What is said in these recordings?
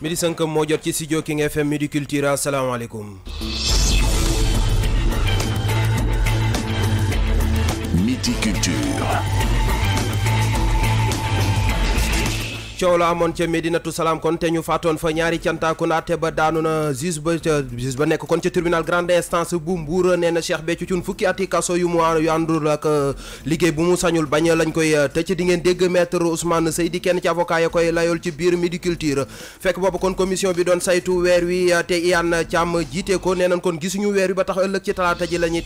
midi sënk moo jot ci studio King FM Midi Culture asalaamaaleykum. Midi coow la amoon ca Medinatu Salaam kon te ñu faatoon fa ñaari cantaakun àtte ba daanu na juge ba nekk kon ca tribunal grande instance bu Mbour nee na Cheikh Béthio fukki ati kaso yu mu yu ak euh, liggéey bu mu sañul bañ lañ koy euh, tëj di dégg maître Ousmane Sey di kenn ci avocat ya layool ci biir Midi Culture fekk boobu kon commission bi doon saytu weer wi euh, te Iyane Thiam jiite ko nee kon gisuñu weer wi ba tax ëllëg ci talaata ji la ñuy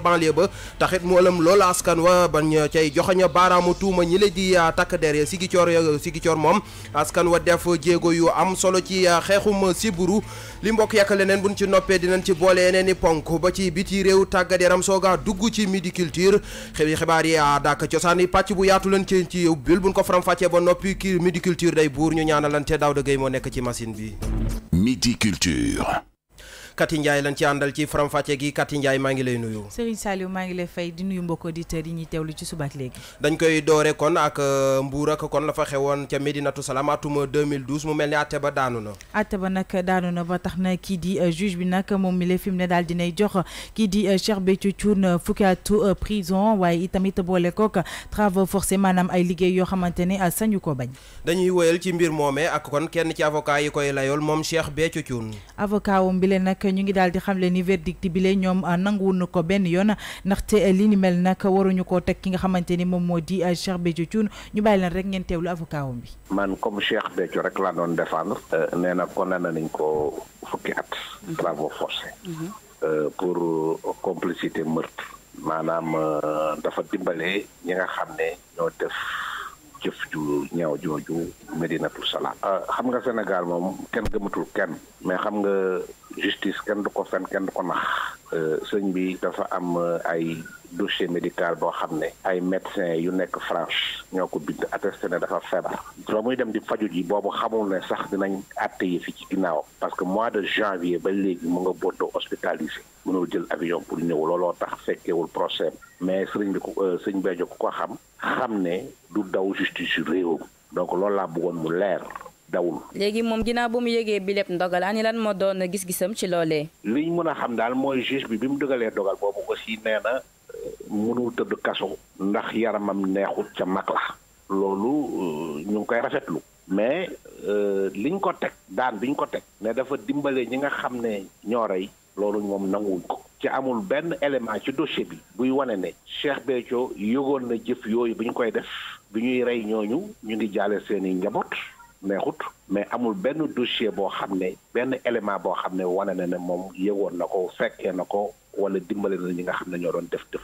banlieue ba taxit mu ëlëm loolu askan wa bañ cay joxañ baaraamu tuuma ñi la di euh, takk der ya sigi coor sigi euh, coor moom askan wa def jéego yu am solo ci euh, xeexum siburu li mbokk yàkk leneen buñ ci noppee dinañ ci boole yeneen i ponk ba ci biti réew tàggat yaram soogaa dugg ci midi culture xëy xibaar yi dàkk cosaan yi pàcc bu yaatu leen ci ci bil buñ ko faram-fàccee ba noppi ki midi culture day buur ñu ñaanalante daaw da gay moo nekk ci machine bi midi culture Kati Ndiaye lañ ci àndal ci faram-fàcce koy doore kon ak euh, Mbour ak kon la fa xewoon ca Medinatu Salaam atuma 2012 mu mel ni àtte ba daanu na. àtte ba nag na ba tax na kii di euh, juge bi nag moom mi lay fi mu ne daal dinay jox kii di euh, Cheikh Béthio Thioune fukki atu prison waaye itamit boole kook travaux forcés maanaam ay liggéey yoo xamante ne sañu ko bañ. dañuy woyal ci mbir moomee ak kon kenn ci avocat yi koy layool moom Cheikh Béthio Thioune. avocat wam bi leen nag defee ñu ngi daal xamle ni verdict bi le ñoom ah, nanguwunu ko benn yoon ndaxte eh, li ni mel nag waruñu koo teg ki nga xamante ni moom moo di ah, Cheikh Béthio Thioune ñu bàyyi leen rek ngeen teewlu avocat wam bi man comme Cheikh Béthio rek laa doon défendre euh, nee na condamné nañ ko fukki at mhm. travaux forcés mhm. euh, pour complicité meurtre maanaam euh, dafa dimbale ñi nga xam ne def jëf ju ñaaw jooju medinatul salaam xam nga sénégal moom kenn gëmatul kenn mais xam nga justice kenn du ko fen kenn du ko nax euh, sëñ bi dafa am euh, ay dossier médical boo xam ne ay médecin yu nekk France ñoo ko bind attesté ne dafa feebar soo muy dem di faju ji boobu xamul ne sax dinañ àtte yi fi ci ginnaawam parce que mois de janvier ba léegi mu nga boddoo hospitalisé mënul jël avion pour ñëw looloo tax fekkeewul procès mais sëriñ bi ko euh, sëñ Béthio ku ko xam xam ne du daw justice yu donc loolu laa bëggoon mu leer dawul. léegi moom ginnaaw ba mu yëgee bi lépp ndogal ani lan moo doon gis-gisam ci loolee. li ñu mën a xam daal mooy juge bi bi mu dëgalee dogal boobu aussi nee na euh, mënul tëdd kaso. ndax yaramam neexut ca mag la. loolu euh, ñu ngi koy rafetlu. mais euh, li ñu ko teg daan biñ ko teg. ne dafa dimbalee ñi nga xam ne ñoo rey. loolu moom nanguwuñ ko. ci amul benn élément ci dossier bi. buy wane ne. Cheikh Béthio yëgoon na jëf yooyu bu ñu koy def. bi ñuy rey ñooñu ñu ngi jaale seen i njaboot. neexut mais amul benn dossier boo xam ne benn élément boo xam ne wane na ne moom yëgoon na ko fekkee na ko wala dimbale na ñi nga xam ne ñoo doon def def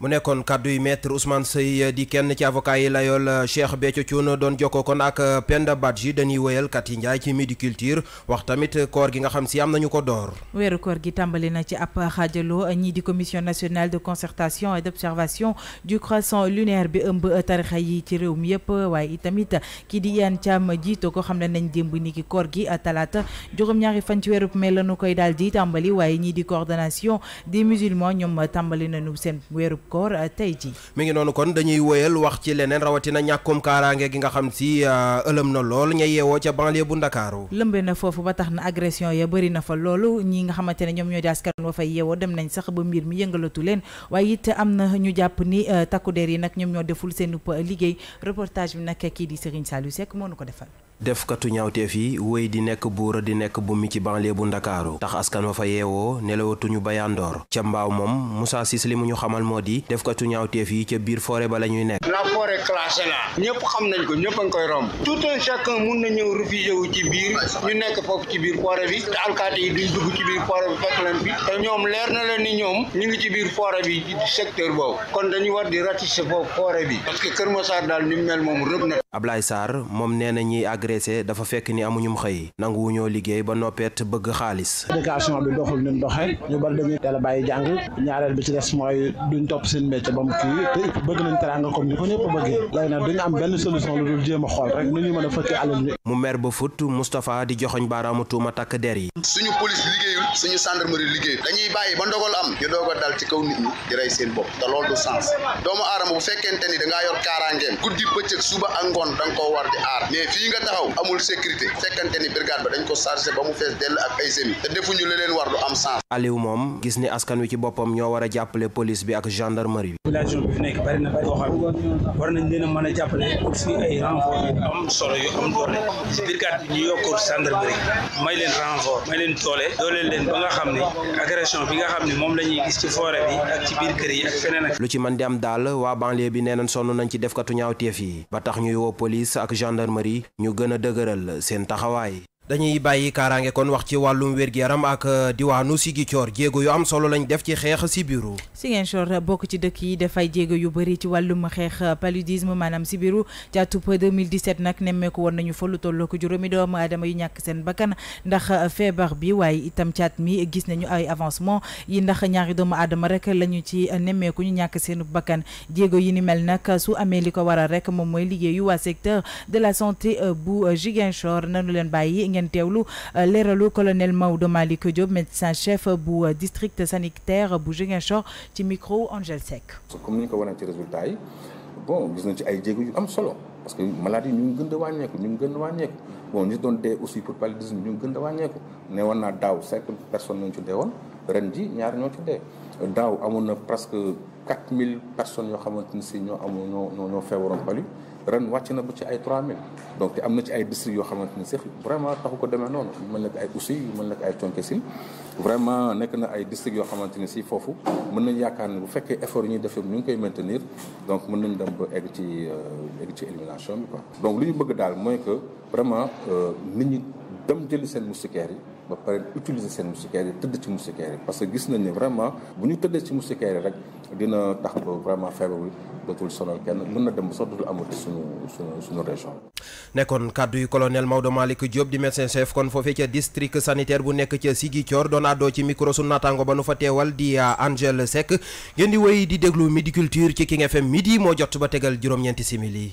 mu nekkoon kàddu yi maître Ousmane sey eh, di kenn ci avocat yi layool eh, Cheikh Béthio Thioune doon kon ak eh, Penda Badji dañuy wéyal kat yi njaay ci midi culture wax tamit koor gi nga xam si am nañu ko door. weeru koor gi tàmbali na ci ab xaajaloo ñii di commission nationale de concertation et d' observation du croissant lunaire bi ëmb tarixa yi ci réew mi yëpp waaye itamit kii di Iyane Thiam jiito ko xam ne nañ démb koor gi talaata juróom-ñaari fan ci weeru mai nu koy daal di tàmbali waaye ñii di coordination des musulmans ñoom tàmbali nañu seen weeru koor euh, tey ji mu ngi noonu kon dañuy woyal wax ci leneen rawatina ñàkkum kaaraange gi nga xam si euh, ëlëm na lool ña yeewoo ca banlieue bu Ndakaaru lëmbe na foofu ba tax na agression ya bëri na fa loolu ñi nga xamante ne ñoom ñoo di askan wa fay yeewoo dem nañ sax ba mbir mi yëngalatu leen waaye it am na ñu jàpp ni euh, takku der yi nag ñoom ñoo deful seen liggéey reportage bi nag kii di Serigne Saliou Seck moo nu ko defal katu ñawte fi wéy di nek buura di nek bu mi ci banlieue bu dakaru tax askan wa fa yeewoo nelawatuñu bayandoor ca mbaaw mom Moussa Sis li mu ñu xamal modi di katu ñawte fi ci biir forêt ba lañuy nek la forêt classée la ñepp xam nañ ko ñepp ang koy rom tout un chacun mun na ñew réfugié wu ci biir ñu nek fofu ci biir forêt bi te alkaate yi duñ dugg ci biir forêt bi fekk leen bi te ñom leer na leen ni ñom ñi ngi ci biir forêt bi di secteur bo kon dañu war di ratisser fofu forêt bi parce que Kër Massar dal ni mel mom rëb na Ablaye Sarr mom nee ñi ag agressé dafa fekk ni amuñum xey nanguwu ñoo liggéey ba nopet bëgg xaaliss éducation bi doxul ñu doxé ñu bari dañuy téla bayyi jang jàng bi ci dess moy duñ top seen métier bam ki té te bëgg nañ teranga comme ñu ko ñëpp bëggé lay na duñ am benn solution lu dul jëma xol rek nu ñu mëna a alal ñu mu mer ba foot mustapha di joxoñ baramu tuuma tak der yi suñu police liggéeyul suñu gendarmerie liggéey dañuy bayyi ba ndogol am ñu dogo dal ci kaw nit ñi di ray seen bop te lool du sens doomu aram bu fekkente ni nga yor kaaraangeem guddi bëccëg suba ak ngon dang ko war di aar mais fi nga taxaw amul sécurité fekkante ni brigade ba dañ ko chargé ba mu fees dell ak ay semis te defuñu la leen war am sens. moom gis ni askan wi ci boppam ñoo war a jàppale police bi ak gendarmerie bi. population bi fi nekk bari na bari boo a mën a jàppale pour si ay renfort yu am solo yu am doole si brigade bi ñu yokkoor gendarmerie may leen renfort may leen doole leen ba nga xam ne agression bi nga xam ne moom la gis ci forêt bi ak ci biir kër yi lu ci mën di am daal waa banlieue bi nee nañ sonn nañ ci defkatu ñaawteef gën a dëgëral seen taxawaay. dañuy bàyyi kaaraange kon wax ci wàllum wér-gu-yaram ak euh, diwaanu Ziguinchor jéego yu am solo lañ def ci xeex sibiru Ziguinchor bokk ci dëkk yi dafay jéego yu bëri ci wàllum xeex euh, paludisme maanaam sibiru ci atub 2017 nag nemmeeku woon nañu fa lu tolloo ko juróomi doomu aadama yu ñàkk seen bakkan ndax euh, feebar bi waaye itam caat mi gis nañu ay avancement yi ndax ñaari doomu aadama rek la ñu ci nemmeeku ñu ñàkk seenu bakkan jéego yi ni mel nag su amee li ko waral rek moom mooy liggéeyu waa secteur de la santé bu Ziguinchor nanu leen bàyyi Ngentewlu euh, leralu colonel Maoudo Malick Diop médecin chef bu euh, district sanitaire bu Ziguinchor ci micro Angel Sec comme ni ñu ko wane ci résultat yi bon gis nañ ci ay jéego yu am solo parce que maladie ñu gën gën a ko ñu ngi gën a wàññeeku bon ni doon dee aussi pour paludisme ñu ngi gën a wàññeeku ne woon naa daaw cinq personnes ñu ci dee woon ren ji ñaar ñoo ci dee daaw amoon na presque 4000 personnes yo xamanteni ni ñoo amoon ñoo ñoo ñoo palu ren wàcc na ba ci ay 3000 donc te am na ci ay districts yoo xamante ni sax vraiment taxu ko demee noonu mu mel ay Oussouye yu mel ne ay Tonkesil vraiment nekk na ay districts yoo xamante ni si foofu mën nañ yaakaar ne bu fekkee effort yi ñuy def ñu ngi koy maintenir donc mën nañ dem ba egg ci euh, egg ci élimination bi quoi donc li ñu bëgg daal mooy que vraiment euh, nit ñi dem jëli seen moustiquaires yi ba pare utiliser seen moustiquaire tëdd ci moustiquaire parce que gis nañ ne vraiment bu ñu tëddee ci moustiquaire rek dina tax ba vraiment feebar bi dootul kenn mën na dem ba sax dootul amati suñu suñu suñu région. nekkoon kaddu yu colonel Maodo Malick Diop di médecin chef kon foofee ca district sanitaire bu nekk ca Ziguinchor doon àddoo ci micro sunu naataango ba nu fa teewal di euh, Angel Seck ngeen di wéy di déglu Midi Culture ci King FM midi moo jot ba tegal juróom-ñeenti simili.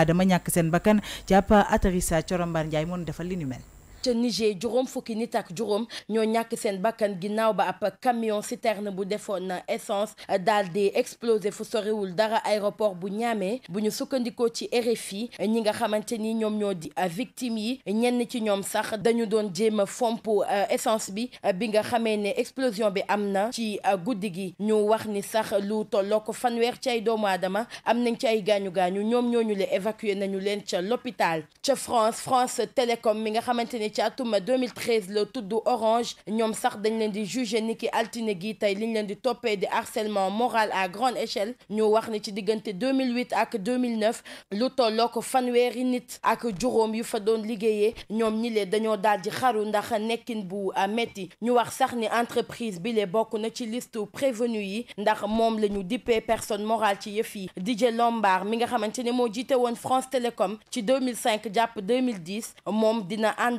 doomi aadama ñàkk seen bakkan ci ab atterrissage Corombare Ndiaye moom defal li ni mel. Niger juróom fukki nit ak juróom ñoo ñak seen bakkan ginnaaw ba camion citerne bu essence dal di exploser fu soriwul dara aéroport bu Niamey bu ñu ci RFI ñi nga xamanteni ñom ñoo di victime yi ñenn ci ñom sax dañu don euh, essence bi bi nga explosion bi amna ci euh, guddi gi ñu wax ni sax lu tolloo fanwer ci ay doomu adama ci ay gañu gañu nañu l'hôpital ci France France telecom mi nga ci atum 2013 le tudd Orange n'yom sax dañ leen di jugé niki altine gi tey liñ leen di toppee di harcèlement moral à grande échelle ñu wax ni ci 2008 ak 2009 lu tolloo ko fanweeri nit ak juróom yu fa doon liggéeyee ñoom ñi dañoo daal di xaru ndax nekkin bu euh, metti ñu wax sax ni entreprise bi lee bokk na ci liste prévenu yi ndax mom la ñu personne morale ci yëf yi DJ Lombard mi nga xamante ne France Telecom. ci 2005 jàpp 2010 mom dina ànd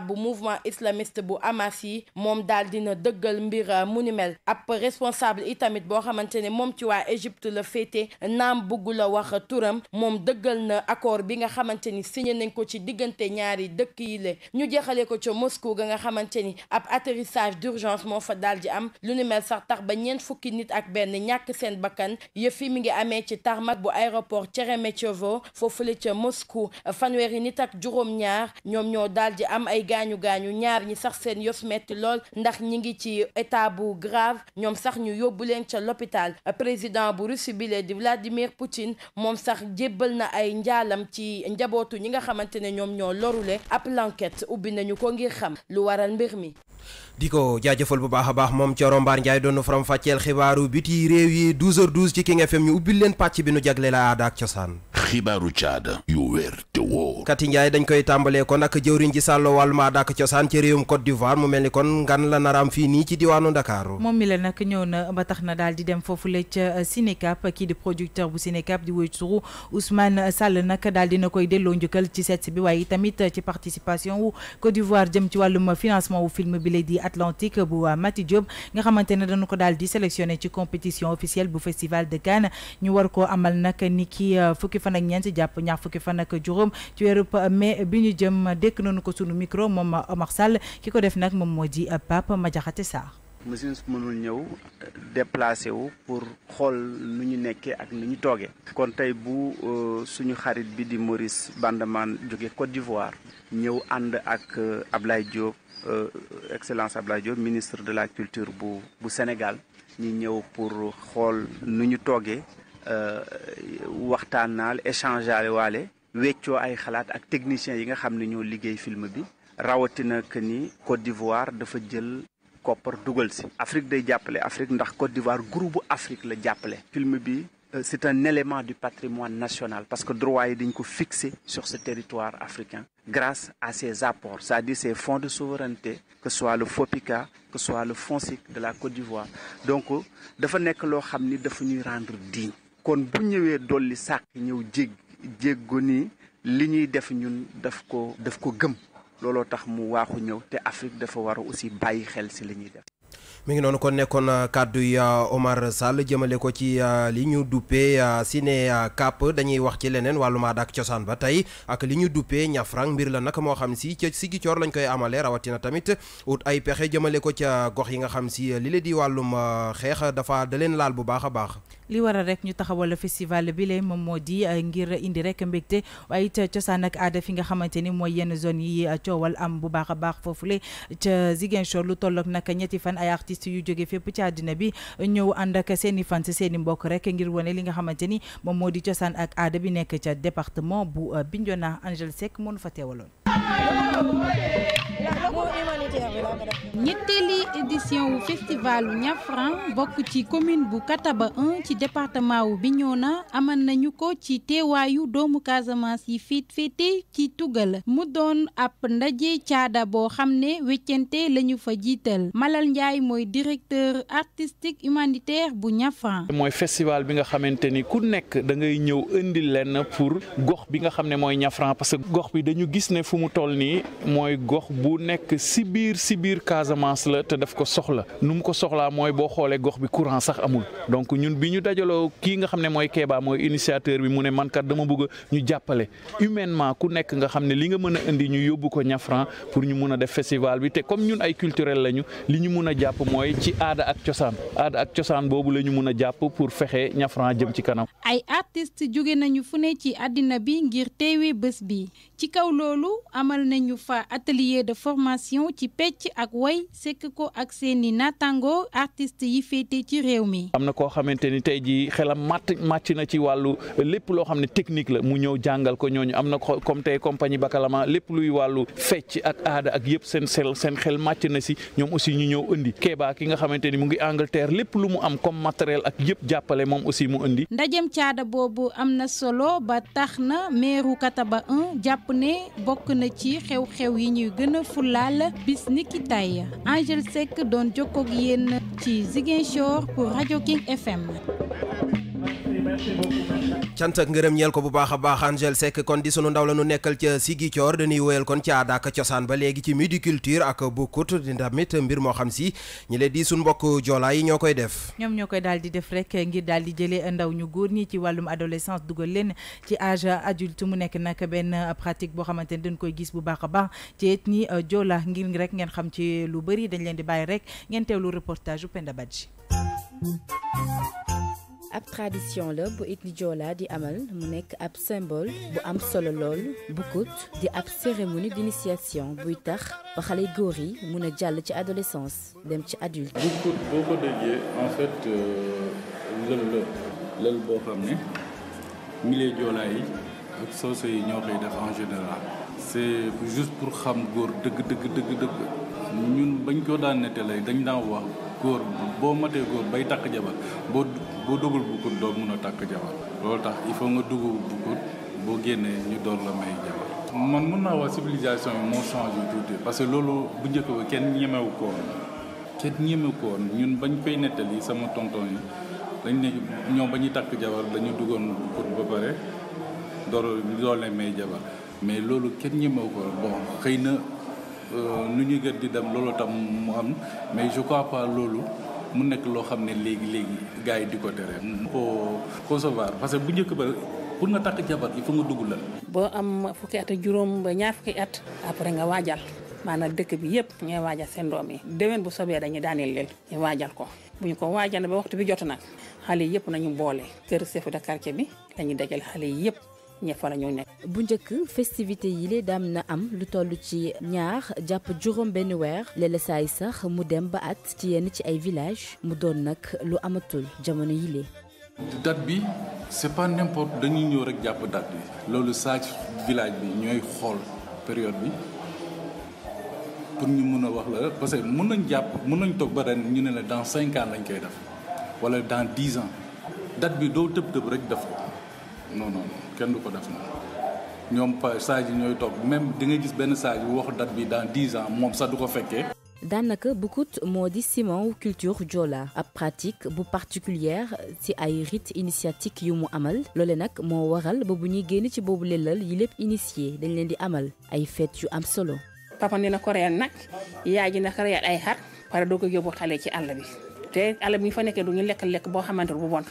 bu mouvement islamiste bu Hamas mom dal dina mbir euh, Munimel, responsable itamit bo xamante mom ci wa Égypte le fété nam bugu la wax touram mom deugal na accord bi nga xamanteni signé nañ ko ci diggante ñaari dëkk yi le ñu ko ci Moscou nga xamanteni ap atterrissage d'urgence mo fa Lunimel di am lu mel sax tax ba ñeent fukki nit ak ben ñak sen bakkan mi ngi amé ci tarmac bu aéroport Moscou fanweeri nit ak juróom-ñaar ñom ñoo dal di am gaañu gaañu ñaar ñi sax seen yëf metti lool ndax ñi ngi ci état bu grave ñoom sax ñu yóbbu leen ca l'hôpital président bu Russie bi lee di Vladimir Poutine moom sax jébbal na ay njaalam ci njabootu ñi nga xamante ne ñoom ñoo lorule ab l'enquête ubbi nañu ko ngir xam lu waral mbir mi di ko jaajëfal bu baax a baax moom Thioro Mbar Ndiaye doon faram fàcceel xibaaru biti réew yi 12h12 ci King ñu ubbil leen pàcc bi nu jagle la aada ak cosaan. xibaaru caada yu wér te wóor. Kati Ndiaye dañ koy tàmbalee kon ak jëwriñ ji sàllo wàllum aada ak cosaan ci réewum Côte d'Ivoire mu mel ni kon ngan la naraam fii nii ci diwaanu Ndakaaru. moom mi la nag ñëw na ba tax na daal di dem foofu la ca euh, Sinecap kii di producteur bu Sinecap di wéy turu Ousmane Sall nag daal dina koy delloo njëkkal ci set bi waaye tamit ci participation wu Côte ci wàllum financement wu film bi lay atlantique bu Mati Diop nga xamantene dañu ko daldi di sélectionné ci compétition officielle bu festival de Cannes ñu war ko amal nak niki euh, fukki fan ak ñeent japp ñaar fukki fan ak juróom ci weeru mais biñu jëm dekk nañu ko suñu micro mom Omar Sall ki def nak mom mo di euh, Pape Madiakhaté Sarr machine mënul ñëw déplacer wu pour xol nu ñu nekkee ak nu ñu toogee. kon tay bu euh, suñu xarit bi di Maurice Bandaman joggé Côte d'Ivoire ñëw and ak Ablaye Diop euh, excellence Abdoulaye Diop ministre de la culture bu bu Sénégal ñu ñëw pour xool nous nous toogee euh, waxtaanaal échangeal waale weccoo ay xalaat ak technicien yi nga xam ne ñoo liggéey film bi rawatina que ni Côte d'Ivoire dafa jël koppar dugal si Afrique day jàppale Afrique ndax Côte d'Ivoire groupe Afrique la jàppale film bi euh, c'est un élément du patrimoine national parce que droit est fixé sur ce territoire africain grâce à ses apports c'est-à-dire ses fonds de souveraineté que ce soit le FOPICA que ce soit le SIC de la Côte d'Ivoire donc il faut que nous ni ñuy rendre digne kon bu ñëwee dolli sàkk ñëw nous jéggo les li ñuy def ñun daf ko daf ko gëm te Afrique dafa aussi bàyyi xel si li ñuy mi ngi noonu kon nekkoon uh, kàddu yi uh, Omar Sall jëmale ko ci uh, li ñu si ne Cap dañuy wax ci leneen wàllum ak cosaan ba tey ak li ñu duppee ñafrang mbir la nag moo xam si ca Sigicoor lañ koy amalee rawatina tamit ut ay pexe jëmale ko ca gox yi nga xam si li leen di wàllum xeex dafa da leen laal bu baax a baax. li waral rek ñu taxawal festival bi lay moom moo di euh, ngir indi rek mbégte waaye it cosaan ak aada fi nga xamante ni mooy yenn zone yi euh, coowal am bu baax a baax foofule ca Ziguinchor lu tollook nag ñetti fan ay artistes yu jóge fépp ci addina bi ñëw ànd ak seeni fan fans seen i mbokk rek ngir wone li nga xamante ni moom moo di cosaan ak aada bi nekk ca département bu euh, Bignona Angel Seck moo nu fa teewaloon. ñetteeli édition wu bi wu na aman nañu ko ci teewaayu doomu Casamance yi fiit féete ci tugal mu doon ab ndaje caada boo xam ne weccente lañu fa jiital Malal Ndiaye mooy directeur artistique humanitaire bu Niafran. mooy festival bi nga xamante ni ku nekk da ngay ñëw indi lenn pour gox bi nga xam ne mooy ñafran parce que gox bi dañu gis ne fu mu toll nii mooy gox bu nekk si biir si biir Casamance la te daf ko soxla nu mu ko soxlaa mooy boo xoolee gox bi courant sax amul dajaloo xam ne mooy Kéba mooy initiateur bi mu ne man ku nekk nga xam ne li nga mën a indi ñu yóbbu ko Niafran pour ñu mun a def festival bi te comme ñun ay culturel lañu li ñu mun a jàpp mooy ci aada ak cosaan aada ak cosaan boobu la ñu mun a jàpp pour fexe Niafran jëm ci kanam. ay artistes jóge nañu fu ne ci àddina bi ngir teewee bés bi ci kaw loolu amal nañu fa atelier de formation ci pecc ak woy sekk ko ak seeni naataango artistes yi féete ci réew mi. tey jii xelam màtt màcc na ci wàllu lépp loo xam ne technique la mu ñëw jàngal ko ñooñu am na comme tey compagnie Bakalama lépp luy wàllu fecc ak aada ak yëpp seen sel seen xel màcc na si ñoom aussi ñu ñëw indi Kéba ki nga xamante ni mu ngi Angleterre lépp lu mu am comme matériel ak yëpp jàppale moom aussi mu indi. ndajeem caada boobu am na solo ba tax na meeru Kataba 1 jàpp ne bokk na ci xew-xew yi ñuy gën a fulaal bis ni ki tay Angel Seck doon jokkoog yéen ci Ziguinchor pour rajo King FM. cant ak ngërëm ñeel ko bu baax a baax Angel Seck kon di sunu ndaw la nu nekkal ca Ziguinchor dañuy woyal kon ca aada ak cosaan ba léegi ci midi culture ak bukkut di tamit mbir moo xam si ñi leen di sun mbokk joola yi ñoo koy def ñoom ñoo koy daal di def rek ngir daal di ndaw ñu góor ñi ci wàllum adolescence dugal leen ci âge adulte mu nekk nag benn pratique boo xamante ni dañ koy gis bu baax a baax ci et ni joola ngir rek ngeen xam ci lu bëri dañ leen di bàyyi rek ngeen teewlu reportage bu Penda Badji ab tradition la bu it di di amal mu nekk ab symbole bu am solo lool bukkut di ab cérémonie d'initiation bu tax ba xalé góor yi mun jall ci adolescence dem ci adulte. bukkut boo ko déggee en fait lël la lël boo xam ne milieu joolaa yi ak soose yi ñoo def en général. c'est juste pour xam gor deug deug deug deug ñun bañ ko daan nettalee dañ daan wax gor bo matee gor bay tak jabar bo boo duggul bukkut doo mun a takk jabar loolu tax il faut nga dugg bukkut boo génnee ñu door la may jabar man mun naa wax civilisation yi moo changé parce que loolu bu njëkk kenn ñemewu ko woon kenn ñun bañ koy nettali sama tonton yi dañ ne ñoom ba ñuy takk jabar dañu duggoon ba pare door door la jabar mais loolu kenn ñemewu ko woon xëy na euh, nu ñuy gën di dem loolu tam mu am mais je crois pas loolu mu nekk loo xam ne léegi léegi gars yi di ko tere. ko concevoir parce que bu njëkk ba pour nga takk jabar il faut nga dugg la. boo am fukki at ak juróom ba ñaar fukki at. après nga waajal. maanaam dëkk bi yëpp ngay waajal seen doom yi déwén bu sobee dañuy daaneel leen ñu waajal ko bu ñu ko waajal ba waxtu bi jot nag xale yëpp nañu boole kër chef de quartier bi lañuy dajal xale yëpp ña fa la ñu nekk. bu njëkk festivité yi lee daam na am lu toll ci ñaar jàpp juróom benn weer léeg saay sax mu dem ba at ci yenn ci ay village mu doon nag lu amatul jamono yi lee date bi c'est pas n'importe dañuy ñëw rek jàpp dat bi loolu saaj village bi ñooy xool période bi pour ñu mun a wax la parce que mun nañ jàpp mun nañ toog ba ren ñu ne la dans 5 ans lañ koy def wala dans 10 ans date bi doo tëb tëb rek def ko non non non kenn du ko def na ñoom pa saaj yi ñooy toog même di nga gis benn saaj bu wax date bi dans dix ans moom sax du ko fekkee daanaka bukut moo di ciment culture joola ab pratique bu particulière ci ay rites initiatiques yu mu amal loole nag moo waral ba bu ñuy génn ci boobu lelal yi lépp initié dañ leen di amal ay fête yu am solo papa dina ko reyal nag yaay ji nag reyal ay xar para doo ko yóbbu xale ci àll bi te àll bi fa nekkee du ñu lekk lekk boo xamante bu bon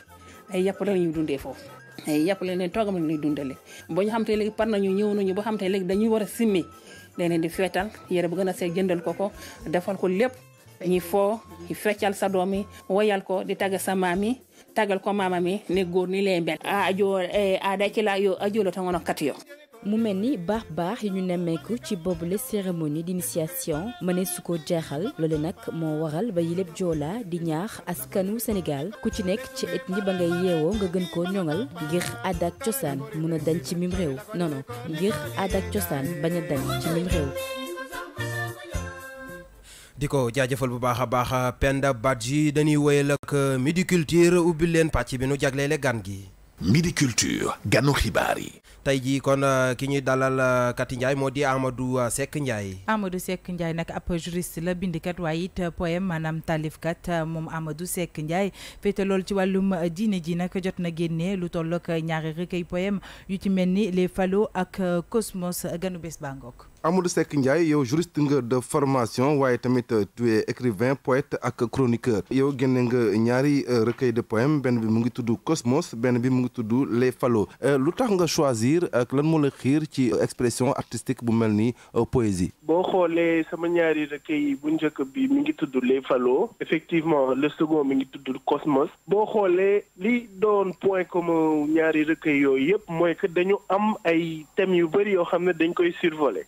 ay yàpp la ñuy dundee foofu Eh, yàpp leen leen toogam la ñuy dundale boo ñu xam te léegi par nañu ñëw nañu boo xam te léegi dañuy war a simmi leneen di feetal yére bu gën a seet jëndal ko ko defal ko lépp ñi foo ñu feccal sa doom yi woyal ko di tagg sa maam yi taggal ko maamam yi ne góor ni lay mel a ajo a day a la yo ajo la tangono kat yo mu Bah Bah, baax baax yi ñu nemmeeku ci cérémonie d'initiation mené suko jéxal lolé nak mo waral ba yileb joola di ñaax askanu Sénégal ku ci nek ci et ni ba ngay yeewoo nga gën ko ñongal ngir adak ciosan mëna dañ ci mim réew non non ngir adak ciosan baña dañ ci mim diko bu Penda Badji dañuy woyal ak midi culture ubbi leen bi nu jagleele gan gi Midi Culture ganu xibaar yi. tey jii kon euh, ki ñuy dalal euh, Kati Ndiaye moo di Amadou euh, sekk Ndiaye. Amadou Seck Ndiaye nag ab juriste la bindkat waaye it poème maanaam taalifkat moom Amadou sekk Ndiaye féete loolu ci wàllum diine ji nag jot na génne lu toll ak ñaari recueil poème yu ci mel ni les falo ak Cosmos ganu bés baa Amadou Sek Ndiaye yow juriste nga de formation waye tamit euh, tu es écrivain poète ak chroniqueur yow génne nga ñaari euh, recueil de poèmes benn bi mu ngi tudd Cosmos benn bi mu ngi tudd Les Fallos euh, lu tax nga choisir ak lan mo la xir ci expression artistique bu melni poésie. Bo xolé sama ñaari recueil bu njëkk bi mi ngi tudd Les Fallos effectivement le second mi ngi tudd Cosmos Bo xolé li doon point comme ñaari recueil yoy yep moy que dañu am ay thèmes yu bari yo xamne dañ koy survoler.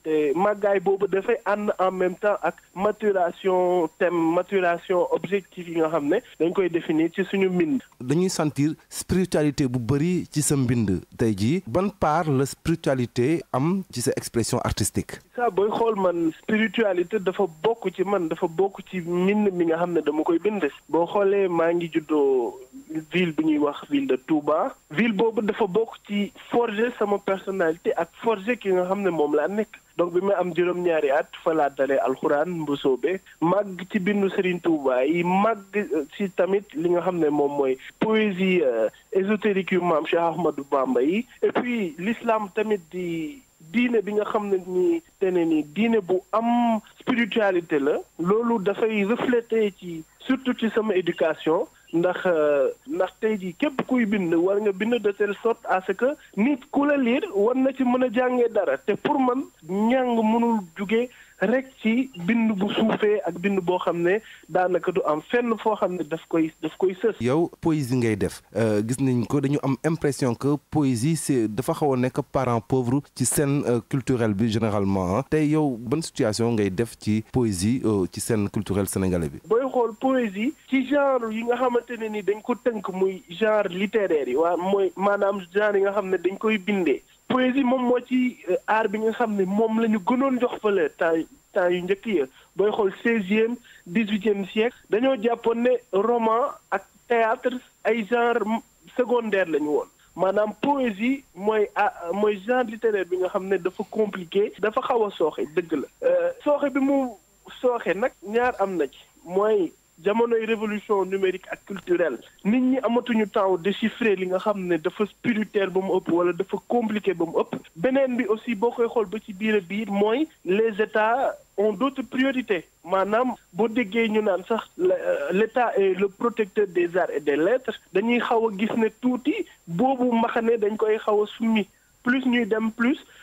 màggaay boobu dafay ànd en même temps ak maturation thème maturation objectif yi nga xam dañ koy définir ci suñu mbind. dañuy sentir spiritualité bu bëri ci sa mbind tey jii ban part la spiritualité am ci sa expression artistique. Sa boy xool man spiritualité dafa bokk ci man dafa bokk ci mind mi nga xam ne dama koy bind. boo xoolee maa ngi juddoo ville bu ñuy wax ville de Touba. ville boobu dafa bokk ci forger sama personnalité ak forger ki nga xam ne la nek. donc bi ma am juróom-ñaari at fa laa dalee alxuraan mbosoobe màgg ci bindu Serigne Touba yi màgg si euh, tamit li nga xam ne moom mooy poésie euh, ésotérique yu maam Cheikh Ahmadou Bamba yi et puis l'islam tamit di diine bi nga xam ne tene ni ne diine bu am spiritualité la loolu dafay refléter ci surtout ci sama éducation ndax euh, ndax tey jii képp kuy bind war nga bind de telle sorte à que nit ku la liir war na ci mën a jànge dara te pour man njàng mënul jugee rek ci bind bu suufee ak bind boo xam ne daanaka du am fenn foo xam ne daf koy daf koy sës. yow poésie ngay def euh, gis nañ ko dañu am impression que poésie c'est dafa xaw a nekk parent pauvre ci scène euh, culturelle bi généralement hein. tey yow ban situation ngay def ci poésie euh, ci scène culturelle sénégalais bi. booy xool poésie ci genre yi nga xamante ne ni dañ ko tënk muy genre littéraire yi waa mooy maanaam genre yi nga xam ne dañ koy bindee poésie mom mo ci euh, art bi nga xamné mom lañu la gënoon jox fële temps temps yu njëkk ya xol 16e 18e siècle dañoo jàppoon ne roman ak théâtre ay genre secondaire lañu ñu woon poésie moy ah, moy genre littéraire bi nga xamné dafa compliqué dafa xawa soxé sooxe dëgg la euh, soxé bi mu soxé nak ñaar am na ci moy jamonoy révolution numérique et culturelle nit ñi amatuñu temps déchiffrer li nga xam dafa spirituel ba mu ëpp wala dafa compliqué ba mu ëpp bi aussi boo xol ba ci biir bi moy les états ont d'autres priorités manam bo déggee ñu naan sax euh, l'État est le protecteur des arts et des lettres dañuy xaw gis ne touti bobu mbaxane dañ koy xaw summi plus ñuy dem plus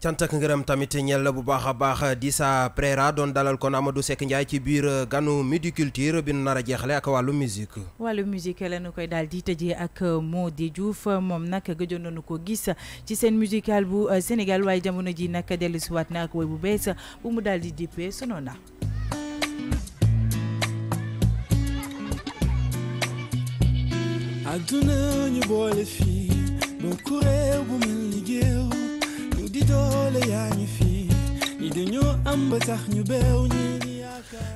cant ak ngërëm tamit ñeel bu baax a baax di sa prera doon dalal kon Amadou Seck Ndiaye ci biir ganu midi culture bi nu nar a jeexale ak wàllu musique wàllu musique la koy daal di tëjee ak Mody juuf moom nag gëjoon nañu ko gis ci seen musicale bu euh, Sénégal waaye jamono ji nag dellusiwaat na ak woy bu bees bu mu daal di dippee Sonona I don't know ñi dañoo am ba tax ñu beew ñi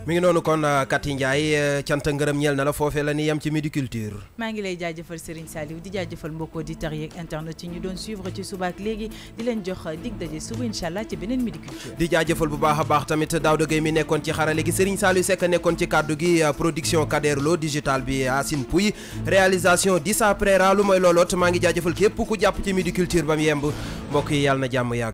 mi ngi noonu kon euh, Katy Ndiaye euh, cant ngërëm ñeel na la foofee la ni yem ci Midi Culture maa ngi lay jaajëfal Serigne Saliou di jaajëfal mbokk auditeurs yeeg internet ci ñu doon suivre ci subaak léegi di leen jox euh, dig daje suba incha ci beneen Midi Culture di jaajëfal bu baax a baax tamit Daouda Gueye mi nekkoon ci xarale gi Serigne Saliou sekk nekkoon ci kàddu gi production Kader loo digital bi Asine Pouy réalisation Dissa Prera lu mooy looloot maa ngi jaajëfal képp ku jàpp ci Midi Culture ba mu yemb mbokk yi yàlla na jàmm yàgg